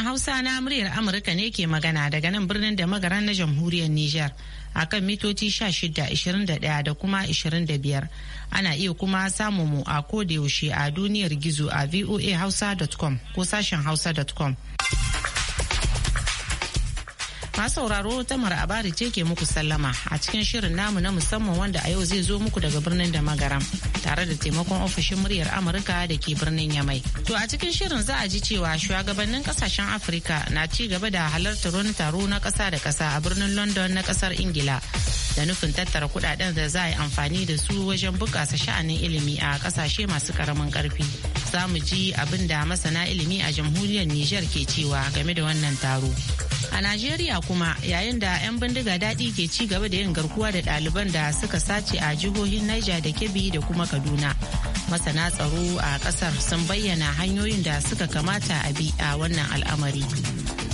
Sashen Hausa na muryar Amurka ne ke magana daga nan birnin da magaran na jamhuriyar Nijar a kan mitoci 16-21 da kuma 25. Ana iya kuma samun mu a yaushe a duniyar gizo a voahausa.com ko sashen hausa.com. Masu sauraro Tamar Abari ce ke muku sallama a cikin shirin namu na musamman wanda a yau zai zo muku daga birnin da magaram tare da taimakon ofishin muryar Amurka da ke birnin Yamai. To a cikin shirin za a ji cewa shugabannin kasashen Afirka na ci gaba da halartar wani taro na kasa da kasa a birnin London na kasar Ingila da nufin tattara kudaden da za a yi amfani da su wajen bukasa sha'anin ilimi a kasashe masu karamin karfi. Za mu ji abin da masana ilimi a jamhuriyar Nijar ke cewa game da wannan taro. A Najeriya kuma yayin da 'yan bindiga daɗi ke ci gaba da yin garkuwa da ɗaliban da suka sace a jihohin Niger da Kebbi da kuma Kaduna. Masana tsaro a ƙasar sun bayyana hanyoyin da suka kamata a bi a wannan al'amari.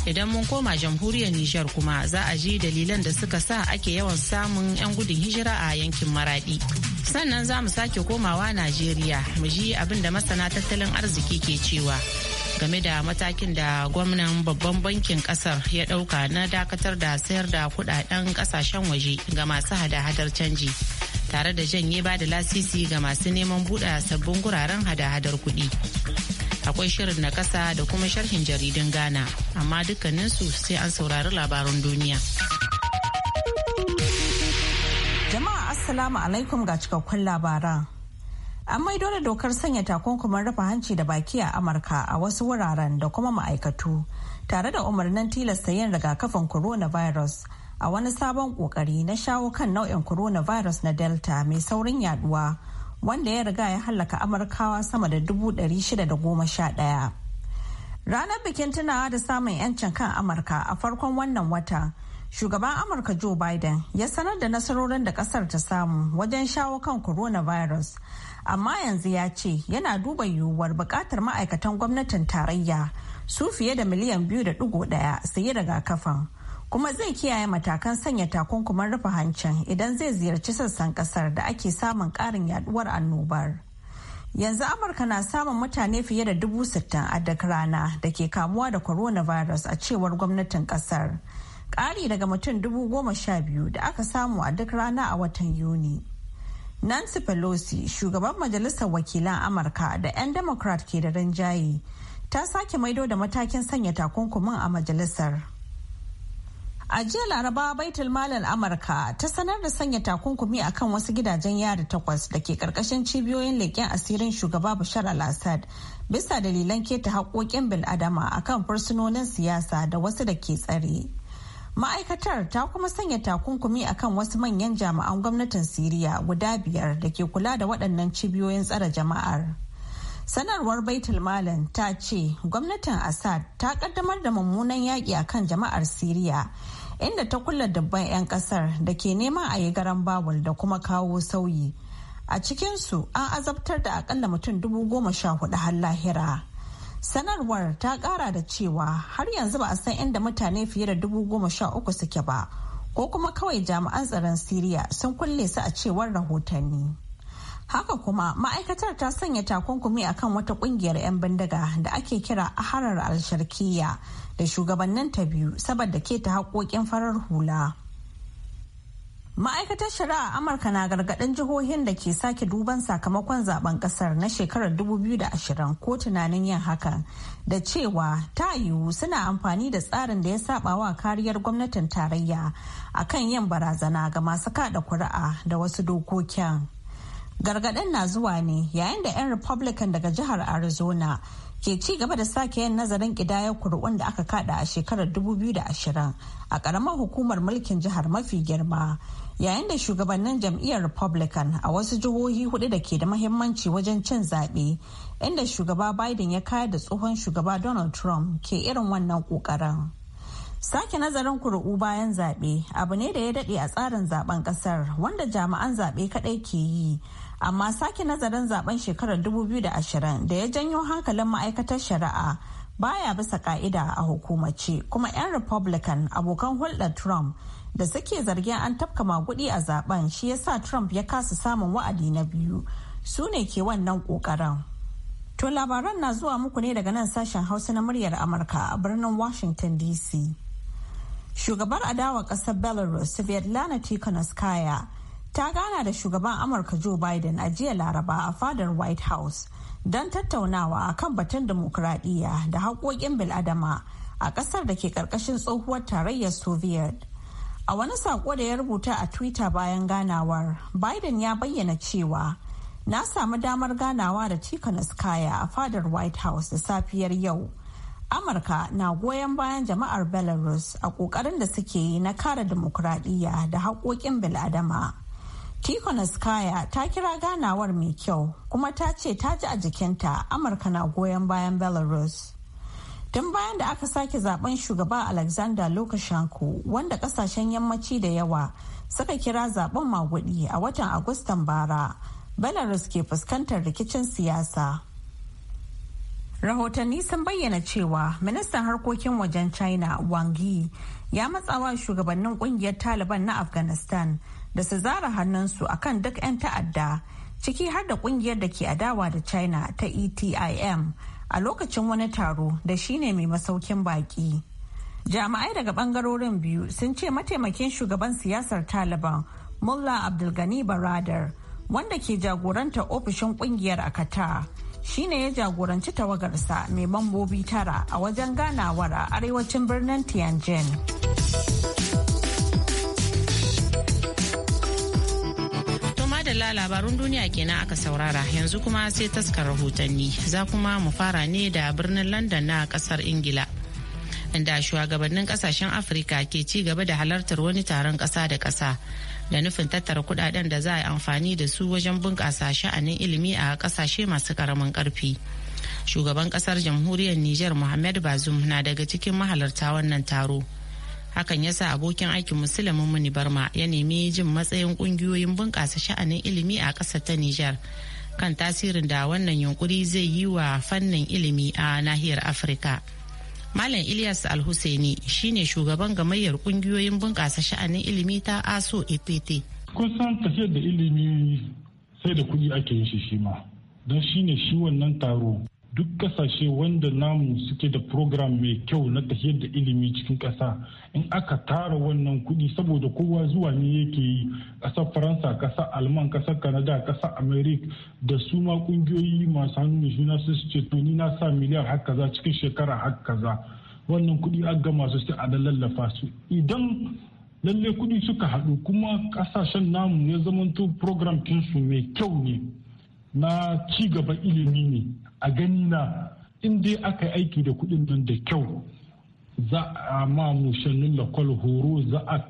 Idan mun koma jamhuriyar Nijar kuma za a ji dalilan da suka sa ake yawan samun 'yan gudun hijira a yankin Maraɗi. Sannan za mu sake komawa Najeriya mu ji abin da masana tattalin arziki ke cewa. game da matakin da gwamnan babban bankin kasar ya dauka na dakatar da sayar da kudaden kasashen waje ga masu hada-hadar canji tare da janye ba da lasisi ga masu neman buɗe sabbin guraren hada-hadar kuɗi akwai shirin na kasa da kuma sharhin jaridun ghana amma dukkaninsu sai an saurari labarun duniya jama'a assalamu alaikum ga cikakkun labaran an maido da dokar sanya takunkumin rufe hanci da baki a amurka a wasu wuraren da kuma ma'aikatu tare da umarnin tilasta yin rigakafin coronavirus a wani sabon kokari na shawo kan nau'in coronavirus na delta mai saurin yaduwa wanda ya riga ya hallaka amurkawa sama da dubu shida da goma sha ɗaya. ranar bikin tunawa da samun 'yancin kan amurka a farkon wannan wata shugaban amurka joe biden ya sanar da nasarorin da kasar ta samu wajen shawo kan coronavirus amma yanzu ya ce yana duba yiwuwar bukatar ma'aikatan gwamnatin tarayya su fiye da miliyan biyu da digo ɗaya su yi kafan kuma zai kiyaye matakan sanya takunkuman rufe hancin idan zai ziyarci sassan kasar da ake samun karin yaduwar annobar yanzu amurka na samun mutane fiye da dubu sittin a duk rana da ke kamuwa da coronavirus a cewar gwamnatin kasar ƙari daga mutum dubu goma sha biyu da aka samu a duk rana a watan yuni Nancy Pelosi, shugaban Majalisar Wakilan Amurka da 'yan Democrat ke da rinjaye, ta sake maido da matakin sanya takunkumin a majalisar. A jiya Laraba baitul Malam Amurka ta sanar da sanya takunkumi akan wasu gidajen yari takwas da ke karkashin cibiyoyin leƙen asirin shugaba Bashar al-Assad bisa dalilan keta haƙoƙin bil'adama akan fursunonin siyasa da wasu da ke tsare. ma'aikatar ta kuma sanya takunkumi akan wasu manyan jami'an gwamnatin siriya guda biyar da ke kula da waɗannan cibiyoyin tsara jama'ar sanarwar baitul malam ta ce gwamnatin assad ta kaddamar da mummunan yaƙi kan jama'ar siriya inda ta kulla dubban 'yan kasar da ke neman a yi garan babul da kuma kawo sauyi a cikinsu an azabtar da aƙalla mutum dubu goma sha hudu har lahira sanarwar ta kara da cewa har yanzu ba a san inda mutane fiye da dubu goma sha uku suke ba ko kuma kawai jami'an tsaron siriya sun kulle su a cewar rahotanni haka kuma ma'aikatar ta sanya takunkumi akan wata kungiyar 'yan bindiga da ake kira harar alsharkiya da shugabannin ta biyu saboda ke ta haƙoƙin farar hula Ma'aikatar Shari'a Amurka na gargaɗin jihohin da ke sake duban sakamakon zaben ƙasar na shekarar 2020 ko tunanin yin hakan da cewa ta yiwu suna amfani da tsarin da ya saba wa kariyar gwamnatin tarayya a kan yin barazana ga masu kada kuri'a da wasu dokokin. Gargaɗin na zuwa ne yayin da 'yan Republican daga jihar Arizona ke ci gaba da sake yin nazarin ƙidayar kuri'un da aka kada a shekarar 2020 a ƙaramar hukumar mulkin jihar mafi girma. yayin da shugabannin jam'iyyar republican a wasu jihohi hudu da ke da mahimmanci wajen cin zaɓe inda shugaba biden ya kayar da tsohon shugaba donald trump ke irin wannan ƙoƙarin sake nazarin kuri'u bayan zaɓe abu ne da ya daɗe a tsarin zaɓen ƙasar wanda jami'an zaɓe kaɗai ke yi amma sake nazarin zaɓen shekarar 2020 da ya janyo hankalin ma'aikatar shari'a baya bisa ka'ida a hukumace kuma 'yan republican abokan hulɗar trump da suke zargin an tafka magudi a zaben shi yasa Trump ya kasa samun wa'adi na biyu su ne ke wannan kokarin. To labaran na zuwa muku ne daga nan sashen Hausa na muryar Amurka a birnin Washington DC. Shugabar adawa ƙasar Belarus Svetlana Tikhanovskaya ta gana da shugaban Amurka Joe Biden a jiya Laraba a fadar White House don tattaunawa a kan batun dimokuraɗiyya da haƙoƙin bil'adama a ƙasar da ke ƙarƙashin tsohuwar tarayyar Soviet. A wani saƙo da ya rubuta a Twitter bayan ganawar, Biden ya bayyana cewa na samu damar ganawa da Kaya a fadar White House da safiyar yau. Amurka na goyon bayan jama'ar Belarus a ƙoƙarin da suke yi na kare demokradiyya da haƙoƙin bil'adama. Kaya ta kira ganawar mai kyau kuma ta ce ta ji a jikinta Amurka na goyon bayan Belarus. tun bayan da aka sake zaben shugaba alexander lukashenko wanda kasashen yammaci da yawa suka kira zaben magudi a watan agustan bara belarus ke fuskantar rikicin siyasa rahotanni sun bayyana cewa ministan harkokin wajen china wang yi ya matsawa shugabannin kungiyar taliban na afghanistan da su zara hannunsu akan duk 'yan ta'adda ciki har da kungiyar da ke adawa da china ta etim a lokacin wani taro da shi ne mai masaukin baki. Jami'ai daga bangarorin biyu sun ce mataimakin shugaban siyasar Taliban Mullah Abdulgani Baradar wanda ke jagoranta ofishin kungiyar a Qatar shine ya jagoranci tawagarsa mai mambobi tara a wajen ganawar a arewacin birnin Tianjin. madalla labarun duniya kenan aka saurara yanzu kuma sai taskar rahotanni za kuma mu fara ne da birnin london na kasar ingila inda shugabannin kasashen afirka ke ci gaba da halartar wani taron kasa da kasa da nufin tattara kudaden da za a yi amfani da su wajen bunƙasa sha'anin ilimi a kasashe masu karamin karfi shugaban kasar jamhuriyar niger mohamed bazoum na daga cikin mahalarta wannan taro hakan yasa abokin aikin musulmin muni barma ya nemi jin matsayin kungiyoyin bunƙasa sha'anin ilimi a ƙasar ta nijar kan tasirin da wannan yunkuri zai yi wa fannin ilimi a nahiyar afirka malam ilyas alhusaini shine shugaban gamayyar kungiyoyin bunƙasa sha'anin ilimi ta aso ipete e kusan tafiyar da ilimi sai da kuɗi ake yin shi shi ma don shine shi wannan taro duk kasashe wanda namu suke da program mai kyau na tafiyar da ilimi cikin kasa in aka tara wannan kuɗi saboda kowa zuwa ne yake yi kasar faransa ƙasar alman kasar kanada ƙasar amerik da su ma ƙungiyoyi masu hannun da suna su ce ni na sa miliyar har kaza cikin shekara har kaza wannan kuɗi a gama su sai a lallafa su idan lalle kuɗi suka haɗu kuma ƙasashen namu ya zamanto program kinsu mai kyau ne na ci gaba ilimi ne a gani na in dai aka aiki da kuɗin nan da kyau za a ma mushannin lakwal horo za a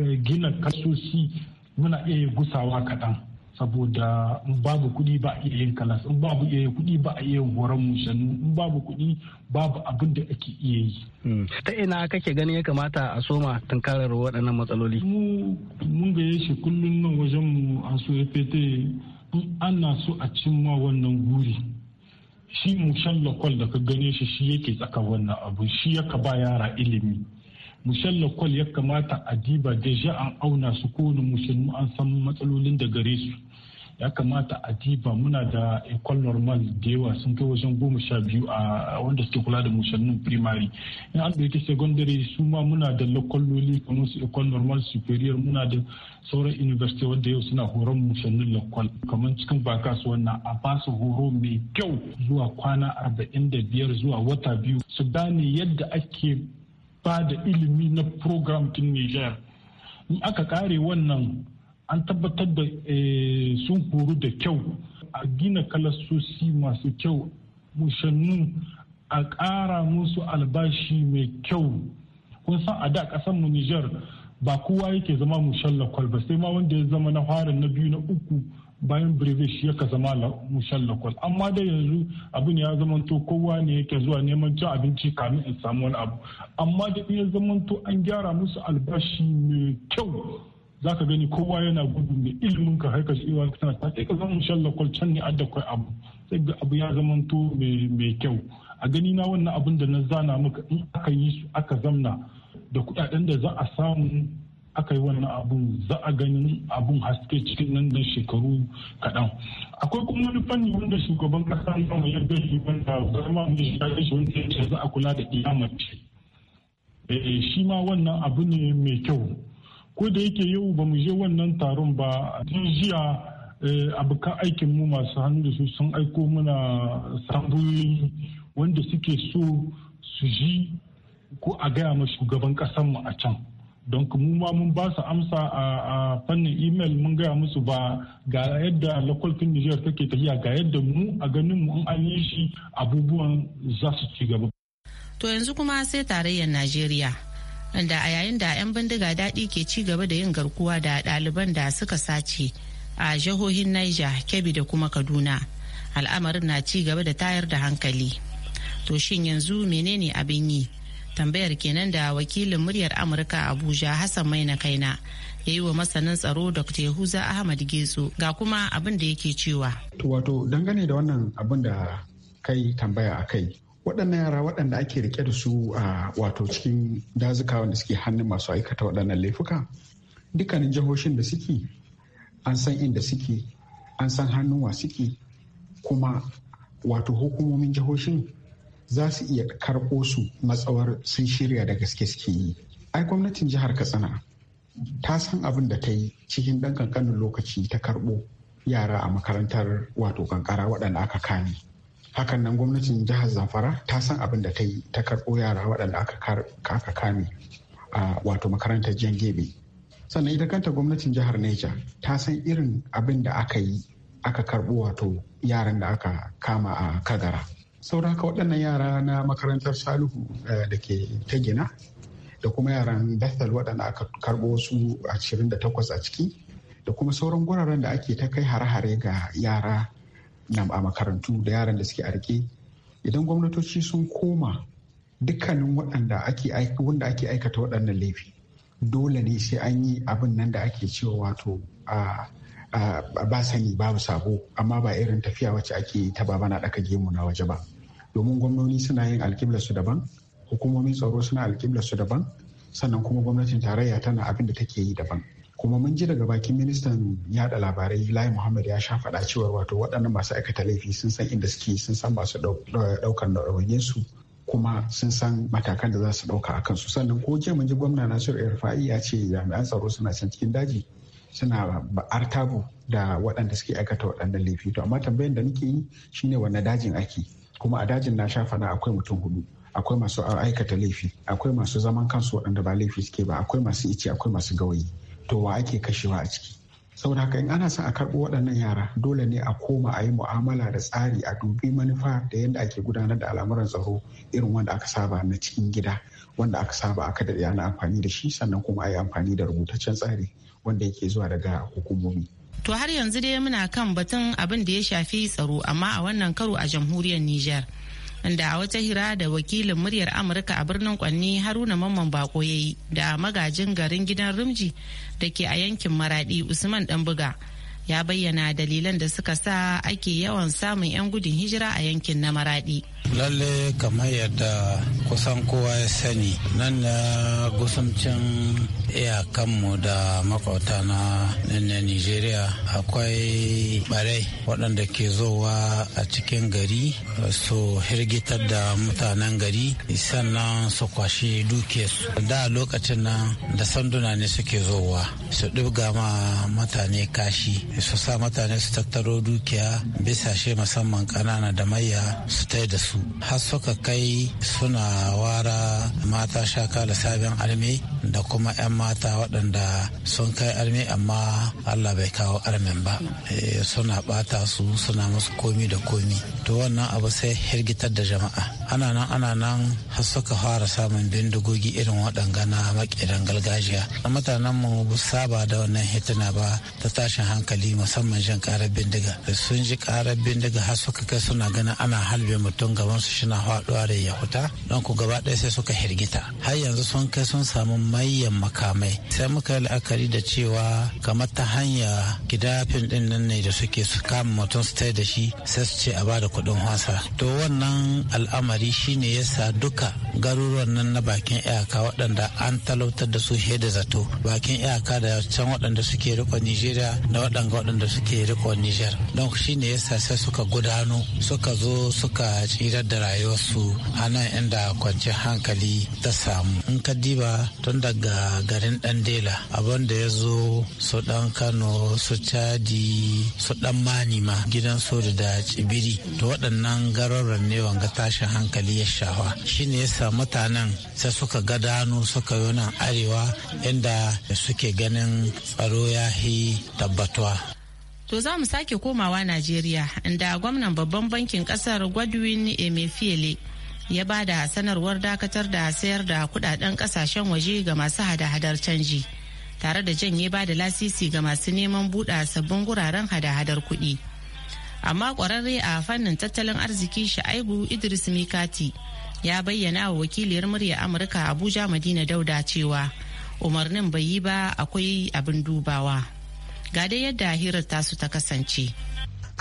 eh, gina kasoshi muna iya gusawa kaɗan saboda babu kuɗi ba a yin kalas in babu iya kuɗi ba a yin horon mushannu in babu kuɗi babu abin da ake iya yi. Hmm. ta ina kake gani ya kamata a soma tunkarar waɗannan matsaloli. mun gaye shi kullum nan wajen mu a so ya fete ana so a cimma wannan guri. shi mushan lokal da ka gane shi shi yake tsaka wannan abu shi yaka ba yara ilimi mushan lokal ya kamata a diba da an auna su kowane musulmi an san matsalolin da gare su ya kamata a diba muna da ecole normal da yawa sun kai wajen goma sha biyu a wanda suke kula da musannin primary in an da secondary su ma muna da lakwalloli kamar su ecole normal superior muna da sauran university wanda yau suna horon musannin lokal kamar cikin bakas wannan a basu horo mai kyau zuwa kwana arba'in da biyar zuwa wata biyu su gane yadda ake ba da ilimi na program din Niger in aka kare wannan an tabbatar da eh, sun horu da kyau a gina kalasosi masu kyau mushannu a ƙara musu albashi mai kyau kun san a da ƙasar mu Nijar ba kowa yake zama mushan ba sai ma wanda ya zama na farin na biyu na uku bayan brevet shi yaka zama mushan amma da yanzu abin ya zamanto kowa ne yake zuwa neman cin abinci kamin in samu wani abu amma da iya zamanto an gyara musu albashi mai kyau za ka gani kowa yana gudu mai ilimin ka harkar tsiwa tana ta sai ka zama shalla can ne adda kwai abu sai ga abu ya zamanto mai kyau a gani na wannan abin da na zana maka in aka yi su aka zamna da kudaden da za a samu aka yi wannan abun za a ganin abun haske cikin nan da shekaru kaɗan akwai kuma wani fanni wanda shugaban kasa ya mai yadda shi wanda zama mai shi shi wanda ya ce za a kula da iya mace eh, shi ma wannan abu ne mai kyau ko da yake yau ba mu je wannan taron ba jiya eh, abokan aikin mu masu hannu da su sun aiko muna sambuyoyi wanda suke so su ji ko a gaya ma shugaban mu a can don mu ma mun ba su amsa a fannin email mun gaya musu ba ga yadda lakwalfin nijar take tafiya ga yadda mu a ganin mu an yi shi abubuwan za su ci gaba to yanzu kuma sai tarayyar najeriya wanda a yayin da 'yan bindiga daɗi ke ci gaba da yin garkuwa da ɗaliban da suka sace a jihohin niger kebbi da kuma kaduna al'amarin na ci gaba da tayar da hankali to shin yanzu menene abin yi tambayar kenan da wakilin muryar amurka abuja hassan mai na kaina ya yi wa masanin tsaro dr yahuza ahmad Gezo ga kuma abin da yake cewa wato dangane da wannan abin da kai tambaya a kai waɗannan yara waɗanda ake rike da su a wato cikin dazuka wanda suke hannun masu aikata waɗannan laifuka dukkanin jihohin da suke an san inda suke an san hannuwa suke kuma wato hukumomin jihohin za su iya karɓo su matsawar sun shirya da gaske suke yi ai gwamnatin jihar katsina ta san abin da ta yi cikin ɗan kankanin lokaci ta karɓo yara a makarantar wato kankara waɗanda aka kame hakan nan gwamnatin jihar zamfara ta san abin da ta yi ta karɓo yara waɗanda aka kame a wato makarantar jan gebe sannan ita kanta gwamnatin jihar neja ta san irin abin da aka yi aka karɓo wato yaran da aka kama a kagara saura ka waɗannan yara na makarantar salihu eh, da ke ta gina da kuma yaran bethel waɗanda aka karɓo su 28 a ciki da kuma sauran guraren da ake ta kai hare-hare ga yara na a makarantu da yaran da suke arke idan gwamnatoci sun koma dukkanin waɗanda ake wanda ake aikata waɗannan laifi dole ne sai an yi abin nan da ake cewa wato a ba sani babu sabo amma ba irin tafiya wacce ake ta ba bana ɗaka gemu na waje ba domin gwamnoni suna yin alkiblar su daban hukumomin tsaro suna alkiblar su daban sannan kuma gwamnatin tarayya tana abin da take yi daban kuma mun ji daga bakin ministan yada labarai lai muhammad ya sha faɗa cewa wato waɗannan masu aikata laifi sun san inda suke sun san masu ɗaukar su kuma sun san matakan da za su ɗauka a kansu sannan ko ce mun ji gwamna nasiru irfa'i ya ce jami'an tsaro suna can cikin daji suna ba'ar tabu da waɗanda suke aikata waɗannan laifi to amma tambayan da nake yi shine wanne dajin ake kuma a dajin na sha faɗa akwai mutum hudu akwai masu aikata laifi akwai masu zaman kansu waɗanda ba laifi suke ba akwai masu ice akwai masu gawayi to wa ake kashewa a ciki saboda haka in ana son a karɓo waɗannan yara dole ne a koma a yi mu'amala da tsari a dubi manufa da yadda ake gudanar da al'amuran tsaro irin wanda aka saba na cikin gida wanda aka saba aka daɗe ana amfani da shi sannan kuma a yi amfani da rubutaccen tsari wanda yake zuwa daga hukumomi. To har yanzu dai muna kan batun abin da ya shafi tsaro amma a wannan karo a jamhuriyar Nijar. inda a wata hira da wakilin muryar amurka a birnin kwanni haruna mamman bako ya yi da magajin garin gidan rimji da ke a yankin maradi usman danbuga buga ya bayyana dalilan da suka sa ake yawan samun 'yan gudun hijira a yankin na maradi. lalle kamar yadda kusan kowa ya sani nan na gusumcin iyakanmu da makwauta na nan nigeria akwai barai waɗanda ke zowa a cikin gari su hirgitar da mutanen gari sannan su kwashe dukiyarsu da lokacin nan da sanduna ne suke zowa su ɗibga ma mutane kashi su sa mutane su tattaro dukiya bisashe musamman kanana da mayya su tai da su har suka kai suna wara mata shaka da sabon arme da kuma 'yan mata waɗanda sun kai armi amma allah bai kawo armen ba eh, suna bata su suna musu komi da komi to wannan abu sai hirgitar da jama'a ana nan ana nan har suka fara samun bindigogi irin waɗanga na galgajiya a mutanen mu ba saba da wannan hituna ba ta tashin hankali musamman shan karar bindiga sun ji karar bindiga har suka kai suna ganin ana halbe mutum gaban su shina faɗuwa da ya huta don ku gaba ɗaya sai suka hirgita har yanzu sun kai sun samu mayan makamai sai muka yi la'akari da cewa kamar ta hanya gidafin ɗin nan ne da suke su kama mutum su da shi sai su ce a bada kudin wasa to wannan al'amari shine yasa duka garuruwan nan na bakin iyaka waɗanda an talautar da su da zato bakin iyaka da can waɗanda suke riko nigeria da waɗanga waɗanda suke riko niger don shine yasa sai suka gudano suka zo suka tsirar da rayuwarsu a nan inda kwanciyar hankali ta samu in ka diba tun daga garin ɗan dela abin da ya zo su ɗan kano su cadi su ɗan manima gidan su da tsibiri da waɗannan garoran ne wanga tashin hankali ya shawa ne yasa mutanen sai suka ga dano suka yi nan arewa inda suke ganin tsaro ya yi tabbatuwa To za mu sake komawa Najeriya inda gwamnan babban bankin kasar Godwin Emefiele ya ba da sanarwar dakatar da sayar da kudaden kasashen waje ga masu hada-hadar canji tare da janye ba da lasisi ga masu neman buɗa sabbin guraren hada-hadar kuɗi. amma kwararre a fannin tattalin arziki sha'aibu idris mikati ya bayyana wa wakiliyar murya amurka abuja madina dauda cewa umarnin bai yi ba akwai abin dubawa ga dai yadda hirar tasu ta kasance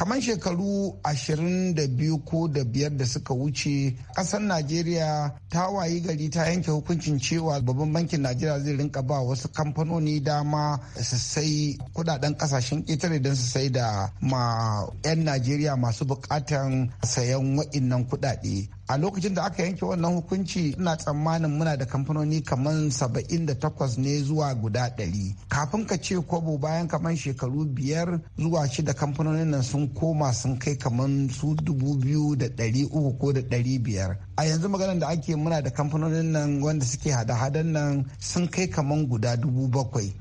kamar shekaru 22 ko da biyar da suka wuce kasar najeriya ta wayi gari ta yanke hukuncin cewa babban bankin najeriya zai rinka ba wasu kamfanoni dama su sai kudaden kasashen ƙetare don su sai da ma 'yan najeriya masu bukatan sayan wa'innan kudade a lokacin da aka yanke wannan hukunci ina tsammanin muna da kamfanoni kamar saba'in da takwas ne zuwa guda ɗari kafin ka ce kobo, bayan kamar shekaru biyar zuwa shida kamfanonin nan sun koma sun kai kamar su dubu biyu da ɗari uku ko da ɗari biyar a yanzu maganar da ake muna da kamfanonin nan wanda suke hada-hadan nan sun kai kamar guda dubu bakwai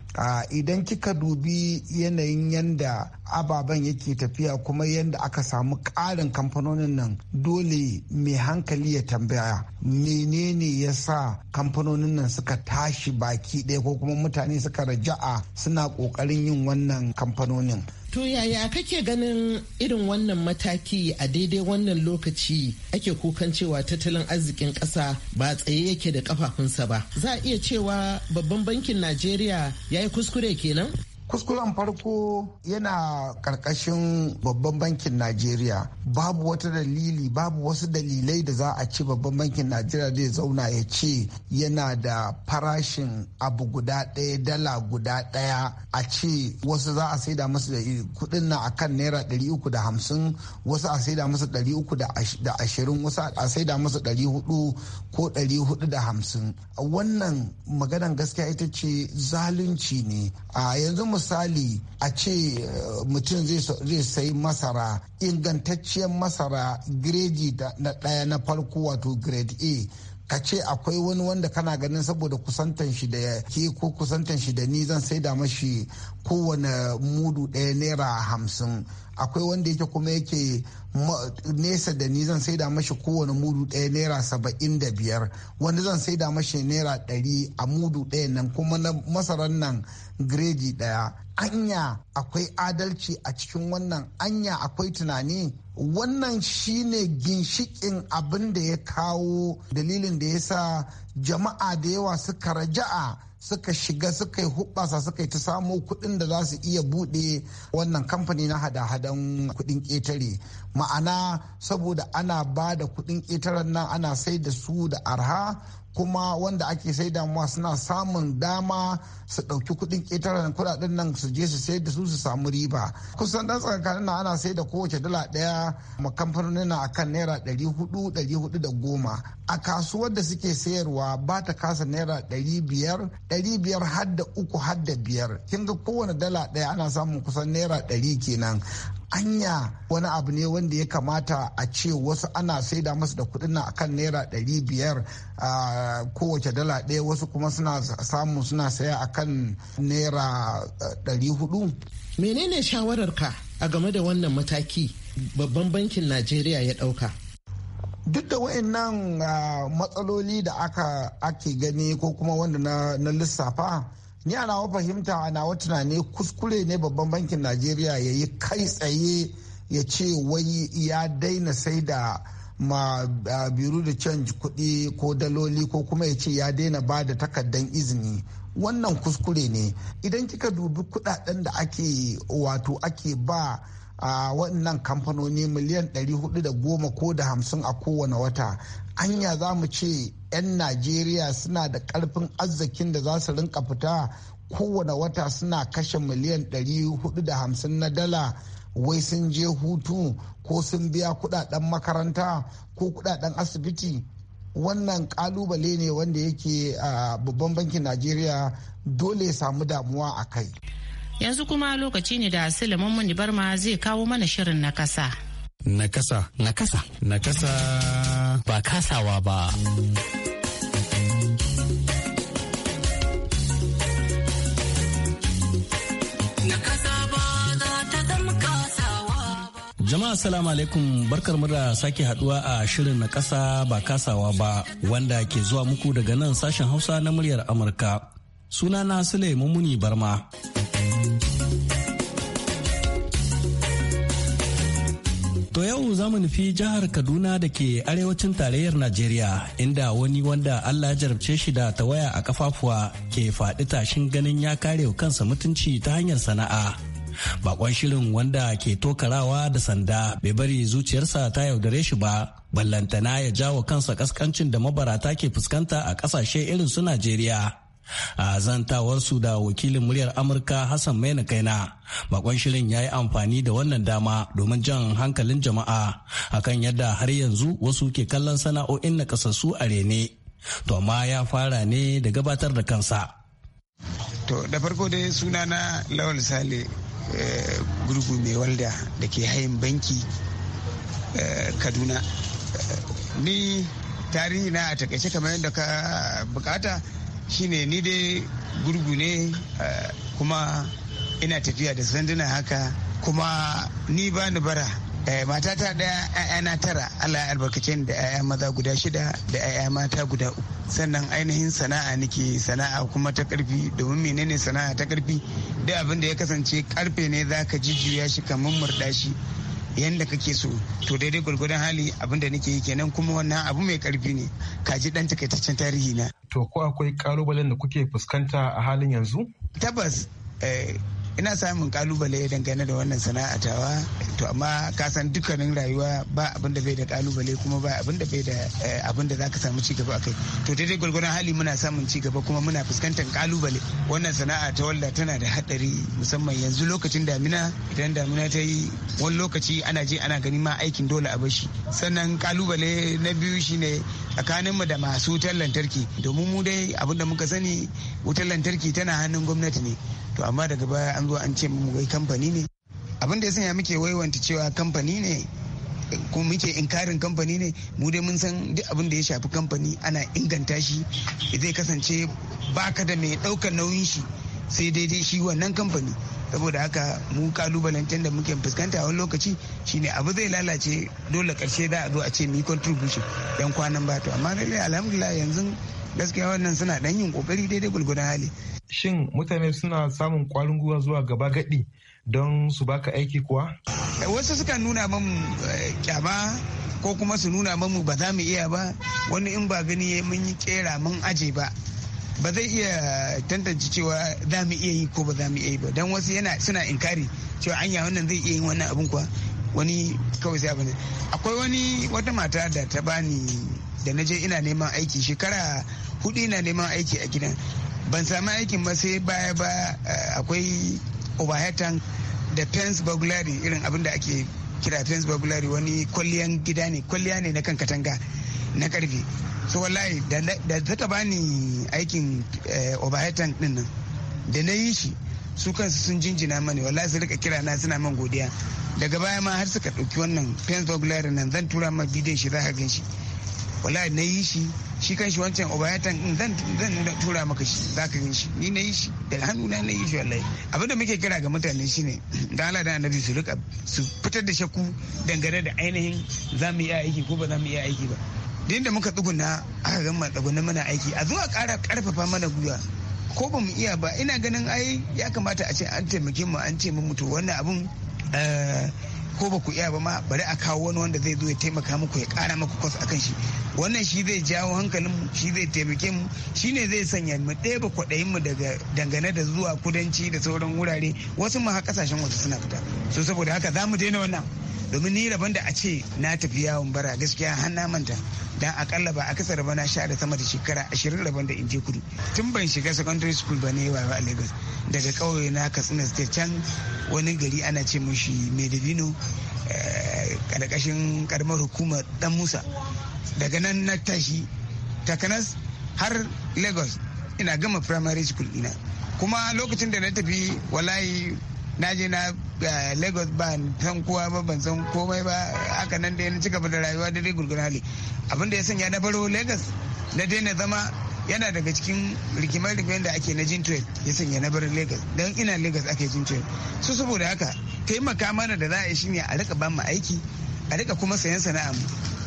idan kika dubi yanayin yanda ababen yake tafiya kuma yanda aka samu ƙarin kamfanonin nan dole mai hankali ya tambaya menene ya sa kamfanonin nan suka tashi baki ɗaya ko kuma mutane suka raja'a suna ƙoƙarin yin wannan kamfanonin To yaya kake ganin irin wannan mataki a daidai wannan lokaci ake kukan cewa tattalin arzikin ƙasa ba tsaye yake da kafafunsa ba. Za a iya cewa babban bankin Najeriya ya yi kuskure kenan? kuskuren farko yana karkashin babban bankin najeriya babu wata dalili babu wasu dalilai da za a ci babban bankin najeriya zai zauna ya ce yana da farashin abu guda ɗaya dala guda ɗaya a ce wasu za a saida musu da kudin na akan naira ɗari uku da hamsin wasu a saida musu ɗari uku da ashirin wasu a saida musu ɗari hudu ko ɗari hudu da hamsin wannan maganan gaskiya ita ce zalunci ne a yanzu misali a ce eh, mutum zai sayi masara ingantacciyar masara gredi na ɗaya na farko wato grade a ka ce akwai wani wanda kana ganin saboda kusantan shi da ke ko kusantan shi da ni zan saida mashi kowane mudu ɗaya naira hamsin akwai wanda yake kuma yake nesa da ni zan saida mashi kowane mudu ɗaya naira saba'in da biyar wanda zan saida mashi naira ɗari a mudu ɗaya nan kuma na masarar nan gredi ɗaya anya akwai adalci a cikin wannan anya akwai tunani wannan shine ginshikin abin da ya kawo dalilin da ya sa jama'a da yawa suka raja'a suka shiga suka yi hubbasa suka yi ta samo kuɗin da za su iya buɗe wannan kamfani na hada-hadan kuɗin ƙetare ma'ana saboda ana ba da kuɗin ƙetaren nan ana sai da su da arha kuma wanda ake sai damuwa suna samun dama su ɗauki kuɗin ƙetare kuɗaɗen nan su je su sayar da su su samu riba kusan ɗan tsakanin na ana sai da kowace dala ɗaya ma kamfanonin na akan naira ɗari hudu ɗari hudu da goma a kasuwar da suke sayarwa ba ta kasa naira ɗari biyar ɗari biyar har da uku har da biyar kin ga kowane dala ɗaya ana samun kusan naira ɗari kenan anya wani abu ne wanda ya kamata a ce wasu ana saida masu da kudin na akan naira ɗari biyar ah, kowace dala ɗaya wasu kuma suna samu suna saya akan kan naira eh, ɗari hudu. menene shawararka a game da wannan mataki babban bankin najeriya ya ɗauka duk da wa'annan ah, matsaloli da aka ake gani ko kuma wanda na lissafa ni Ana nawa fahimta a nawa tunani kuskure ne babban bankin najeriya ya yi kai tsaye ya ce wai ya daina sai da ma biru da canji kuɗi ko daloli ko kuma ya ce ya daina ba da takardar izini wannan kuskure ne idan kika dubi kuɗaɗen da ake wato ake ba a waɗannan kamfanoni miliyan 410 ko da 50 a kowane wata anya za mu ce 'yan najeriya suna da ƙarfin arzikin da za su rinka fita kowane wata suna kashe miliyan 450 na dala wai sun je hutu ko sun biya kudaden makaranta ko kudaden asibiti wannan kalubale ne wanda yake a babban bankin najeriya dole samu damuwa a kai yanzu kuma lokaci ne da silimin muni barma zai kawo mana shirin na kasa na kasa na kasa na kasa ba kasawa ba Jama'a salamu alaikum barkar mu da sake haduwa a shirin na kasa ba kasawa ba wanda ke zuwa muku daga nan sashen Hausa na muryar Amurka. Sunana Sule Mumuni Barma. To yau za mu nufi jihar Kaduna da ke arewacin tarayyar Najeriya inda wani wanda Allah ya jarabce shi da tawaya a kafafuwa ke faɗi tashin ganin ya kare kansa mutunci ta hanyar sana'a. bakon shirin wanda ke tokarawa da sanda bai bari zuciyarsa ta yaudare shi ba ballantana ya jawo kansa kaskancin da mabarata ke fuskanta a kasashe irin su najeriya a zantawarsu da wakilin muryar amurka hassan maina kaina bakon shirin ya yi amfani da wannan dama domin jan hankalin jama'a akan yadda har yanzu wasu ke kallon sana'o'in na kasassu a rene to amma ya fara ne da gabatar da kansa to da farko dai sunana lawal sale Eh, gurgu mai walda da ke hayin banki eh, kaduna eh, ni tarihi na a takaice kamar yadda ka bukata shine ni dai gurgu ne kuma ina tafiya da sanduna haka kuma ni bani bara Eh, matata ta yaya na tara allah albarkace da ƴaƴa maza guda shida da ƴaƴa mata guda uku sannan ainihin sana'a nake sana'a kuma ta karfi domin menene sana'a ta karfi duk abin da ya kasance karfe ne za zaka jijjuya shi kamar murɗa shi yadda kake so to daidai gwargwadon hali abinda nake yi kenan kuma wannan abu mai karfi ne ka ji dan takaitaccen tarihi na to ko akwai kalubalen da kuke fuskanta a halin yanzu tabbas eh, ina samun kalubale dangane da wannan sana'atawa to amma ka san dukkanin rayuwa ba abin da bai da kalubale kuma ba abin da bai da eh, abin da zaka samu ci gaba kai to daidai gwargwadon hali muna samun ci gaba kuma muna fuskantar kalubale wannan sana'a ta walla tana da hadari musamman yanzu lokacin damina idan damina ta yi wani lokaci ana je ana gani ma aikin dole a bashi sannan kalubale na biyu shine tsakanin mu da masu wutar lantarki domin mu dai abin da muka sani wutar lantarki tana hannun gwamnati ne to amma daga baya an zo an ce mu wai kamfani ne abin da ya sanya muke waiwanta cewa kamfani ne kuma muke inkarin kamfani ne mu dai mun san duk abin da ya shafi kamfani ana inganta shi zai kasance baka da mai ɗaukar nauyin shi sai daidai shi wannan kamfani saboda haka mu kalubalancen da muke fuskanta wani lokaci shine abu zai lalace dole karshe za a zo a ce mi contribution yan kwanan ba to amma alhamdulillah yanzu gaskiya wannan suna dan yin kokari daidai gulgudan hali shin mutane suna samun kwarin gwiwa zuwa gaba gadi don su baka aiki kuwa wasu suka nuna min eh, kyama ko kuma su nuna mu ba za mu iya ba wani in ba gani ya mun yi kera mun aje ba ba zai iya tantance cewa za mu iya yi ko ba za mu iya yi ba don wasu yana suna inkari cewa anya wannan zai iya yin wannan abin kuwa wani kawai sai abin akwai wani wata mata da ta bani da na je ina neman aiki shekara hudu na neman aiki a gidan ban samu aikin ba sai baya ba eh, akwai overhead da fence burglary irin abin da ake kira fence burglary wani kwalliyan gida ne kwalliya ne na kan katanga na karfe so wallahi da ta taba aikin eh, overhead tank din nan da na yi shi su kansu sun jinjina mani wallahi su rika kira na suna man godiya daga baya ma har suka ɗauki wannan fence burglary nan zan tura ma bidiyon shi za ka gan shi wallahi na yi shi shi kan shi wancan obayatan in zan zan tura maka shi za ka yi shi ni na yi shi da hannu na na yi shi wallahi abin da muke kira ga mutane shine da Allah da Annabi su rika su fitar da shakku dangane da ainihin za mu iya aiki ko ba za mu iya aiki ba din da muka tsuguna aka gama tsuguna mana aiki a zuwa kara karfafa mana gwiwa ko ba mu iya ba ina ganin ai ya kamata a ce an taimake mu an ce mu mutu wannan abun eh, ko ba ku iya ba ma bari a kawo wani wanda zai zo ya taimaka muku ya kara muku kwas kan shi wannan shi zai jawo hankalin mu shi zai taimake mu shi ne zai sanya mu ɗeba kwaɗayin mu daga dangane da zuwa kudanci da sauran wurare wasu ma har kasashen wasu suna fita so saboda haka za mu daina wannan domin ni rabon da a ce na tafi yawon bara gaskiya har na manta dan akalla ba kasa raba na sha da sama da shekara ashirin rabon da in je kudu tun ban shiga secondary school ba ne ba a lagos daga kauye na katsina state can wani gari ana ce mushi medivino eh, karkashin karamar hukumar dan musa daga nan na tashi takanas har lagos ina gama primary school ina kuma lokacin da na tafi walayi. na je na eh, lagos ba san kowa ba ban san komai ba haka nan da na ci gaba da rayuwa da dai gurgurar hali abin da ya sanya na baro lagos na daina zama yana daga cikin rikimar-rikimar da ake na jin jintuel ya sanya na bar lagos don ina lagos ake jintuel su saboda haka taimaka mana da za a yi ne a rika mu aiki a rika kuma sayan sana'a mu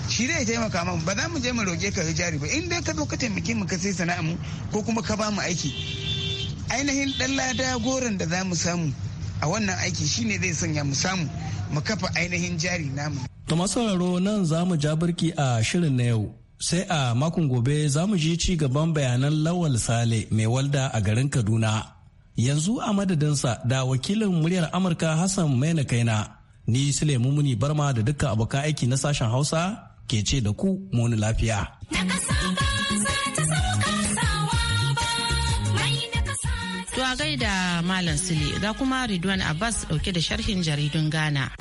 shi zai taimaka mu ba za mu je mu roƙe ka jari ba in dai ka zo ka taimake mu ka sai sana'a mu ko kuma ka ba mu aiki ainihin ɗan lada goron da za mu samu a wannan aiki shine zai sanya mu samu mu kafa ainihin jari namu. To masu nan za mu ja birki a shirin na yau. Sai a makon gobe za mu ji ci gaban bayanan Lawal Sale mai walda a garin Kaduna. Yanzu a madadinsa da wakilin muryar Amurka Hassan Maina Kaina, ni Sulaimu Muni Barma da duka abokan aiki na sashen Hausa ke ce da ku muni lafiya. gaida Malam Sule ga kuma Ridwan Abbas dauke da sharhin jaridun Ghana.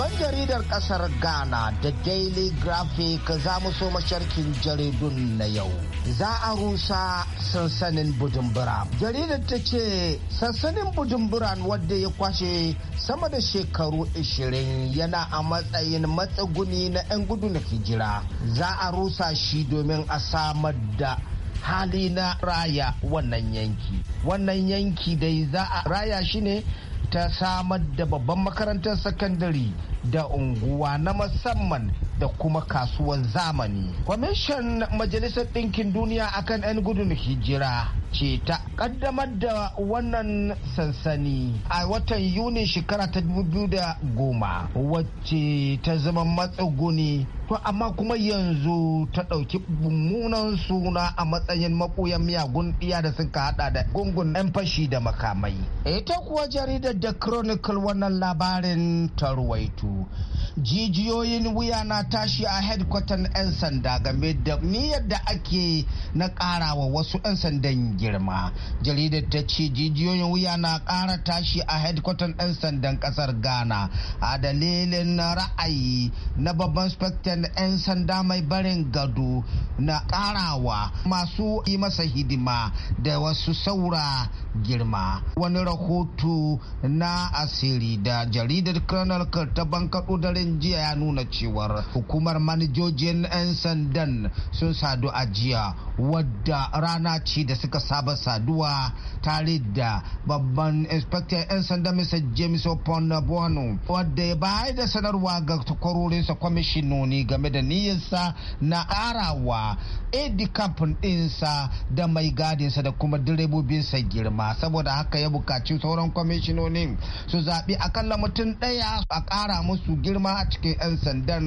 Babban jaridar kasar Ghana da Daily Graphic za mu so masharkin jaridun na yau. Za a rusa sansanin Bujumbura. Jaridar ta ce sansanin Bujumbura wadda ya kwashe sama da shekaru 20 yana a matsayin matsaguni na 'yan gudu gudun hijira. Za a rusa shi domin a samar da hali na raya wannan yanki. Wannan yanki dai za a raya shi ne ta samar da babban makarantar sakandare da unguwa na musamman da kuma kasuwan zamani. Kwamishin Majalisar Ɗinkin Duniya akan 'yan gudun hijira ce ta kaddamar da wannan sansani a watan yuni shekara ta da goma wacce ta zama matsuguni to amma kuma yanzu ta ɗauki mummunan suna a matsayin maɓoyan miyagun ɗiya da suka hada da gungun 'yan fashi da makamai ita kuwa jaridar da chronicle wannan labarin ta ruwaitu. jijiyoyin wuya na tashi a headquarter 'yan sanda game da niyyar da ake na karawa wasu 'yan sandan girma jaridar ta ce jijiyoyin wuya na kara tashi a headquarter 'yan sandan kasar ghana a dalilin ra'ayi na babban spectrum 'yan sanda mai barin gado na karawa masu yi masa hidima da wasu saura girma wani rahoto na asiri da jaridar chronicle ta bankaɗo da daren jiya ya nuna cewar hukumar manajojin 'yan sandan sun sadu a jiya wadda rana ce da suka saba saduwa tare da babban inspector 'yan sanda mr james oponabuano wadda ya bayar da sanarwa ga takwarorinsa kwamishinoni game da niyyarsa na arawa edikafin ɗinsa da mai gadinsa da kuma direbobinsa girma saboda haka ya bukaci sauran kwamishinonin su zaɓi akalla mutum ɗaya a ƙara musu girma dama a cikin 'yan sandan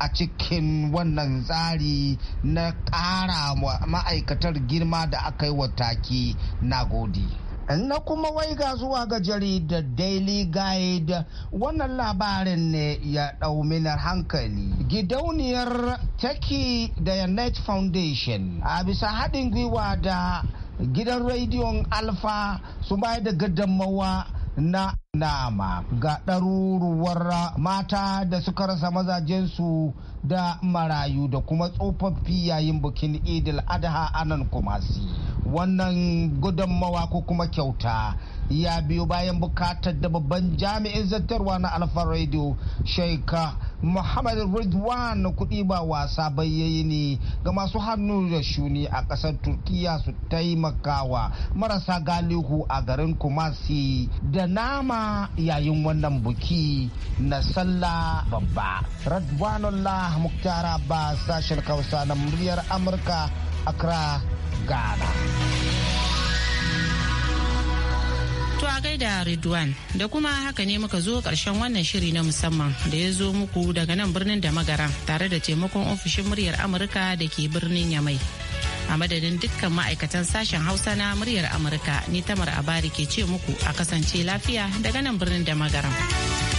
a cikin wannan tsari na ƙara ma'aikatar girma da aka yi wa taki na gode. na kuma waiga zuwa ga jaridar daily guide wannan labarin ne ya ɗau minar hankali gidauniyar taki da united foundation a bisa haɗin gwiwa da gidan rediyon alfa su bayar da gadamawa na nama ga ɗaruruwar mata da suka rasa mazajensu da marayu da kuma tsofaffi yayin bikin idil adha anan kumasi wannan gudunmawa ko kuma kyauta ya biyo bayan bukatar da babban jami'in zartarwa na alfa radio shaika muhammad ridwan na kuɗi ba wasa bayyayi ne ga masu hannu da shuni a kasar turkiya su taimakawa marasa galihu a garin kumasi da nama yayin wannan buki na sallah babba radwanullah muktara ba sashen kausa na muryar amurka accra ghana To a gaida Ridwan da kuma haka ne muka zo karshen wannan shiri na musamman da ya zo muku daga nan birnin da magara tare da taimakon ofishin muryar Amurka da ke birnin Yamai. A madadin dukkan ma'aikatan sashen Hausa na muryar Amurka ni tamar abari ke ce muku a kasance lafiya daga nan birnin da magaran.